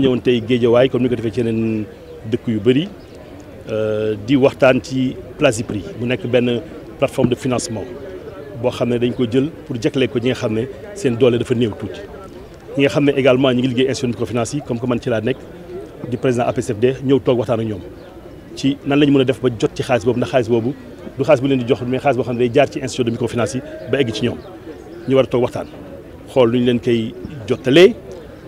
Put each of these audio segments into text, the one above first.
ñëwoon tey Géejawaay comme ni ko defee ci yeneen dëkk yu bëri euh, di waxtaan ci place Plasipri mu nekk ben plateforme de financement bo xamné dañ ko jël pour jéklé ko ñi nga xamné ne seen doole dafa néew tout ñi nga xamné également ñu ngi liggéey institut microfinance yi comme que man ci la nekk di président APCFD ñew tok waxtaan ak ñom ci nan lañ mëna def ba jot ci xaalis bobu na xaalis bobu du xaalis bu leen di jox mais xaalis bo xamné day jaar ci institution de microfinance yi ba egg ci ñom ñu war tok toog waxtaan xool lu leen kay jotalé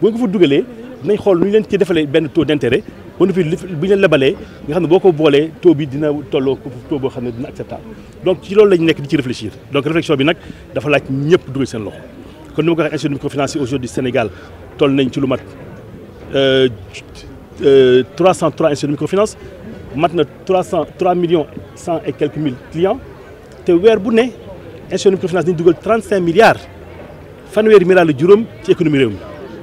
boo ko fa dugalee dinañ xool nu ñu leen ci defalee benn taux d' intérêt ñu fi bu ñu leen lebalee nga xam ne boo ko boolee taux bi dina tolloo taux boo xam ne dina acceptable donc ci loolu lañ nekk di ci réfléchir donc réflexion bi nag dafa laaj ñëpp dugal seen loxo kon ni ma ko waxee institut microfinancier aujourd'hui Sénégal toll nañ ci lu mat 303 euh, euh, instituts microfinance mat na 300 3 millions cent et quelques mille clients te weer bu ne institut microfinance dañu dugal 35 milliards fanweeri milliards la juróom ci économie réew mi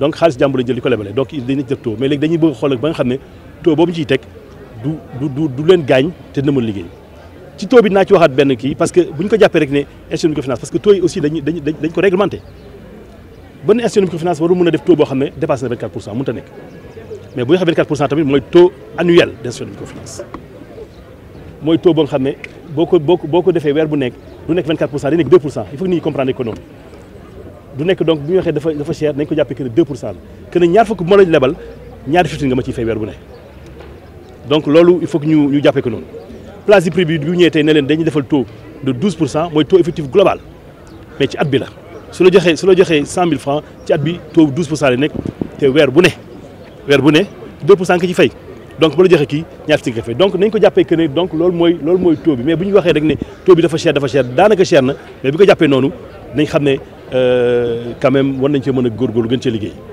donc xaalis jàmbur lañ jël di ko lebale donc dañuy jël taux mais légui dañuy bëgg xol ak ba nga xamné taux boobu ci ciy du du du leen gaañ té dina mën liggéey ci taux bi na ci waxat benn ki parce que buñ ko jappé rek né institution de finance parce que taux yi aussi dañuy dañ dañ ko réglementé ben institution de finance waru mëna def taux bo xamné ne 24 mu ta nek mais bu ñu 24 tamit moy taux annuel d' institution microfinance mooy taux bo xamné boko boko boo ko boo bu nek du nek 24 di nek 2 il faut ni nit ñi comprendre économie du nekk donc bu ñu waxee dafa dafa cher nañ ko jappé que 2 que ne ñaar fukk mo la lebal ñaar fitin nga ma ci fay weer bu ne donc lolu il faut que ñu ñu jàppee ko noonu place du prix bi bu ñëw tey ne leen dañu defal taux de 12 moy taux effectif global mais ci at bi la su la joxé su la joxé 100000 francs ci at bi taux 12 pour cent la nekk te weer bu ne weer bu ne 2 ki cent ci fay donc bu la joxé ki ñaar fitin nga fay donc nañ ko jappé que ne donc lolu moy lolu moy taux bi mais bu ñu waxee rek ne taux bi dafa cher dafa cher daanaka cher na mais bi ko jappé nonu nañ xamné Euh, quand même war nañ cee mën a góorgóorlu gën cee liggéey.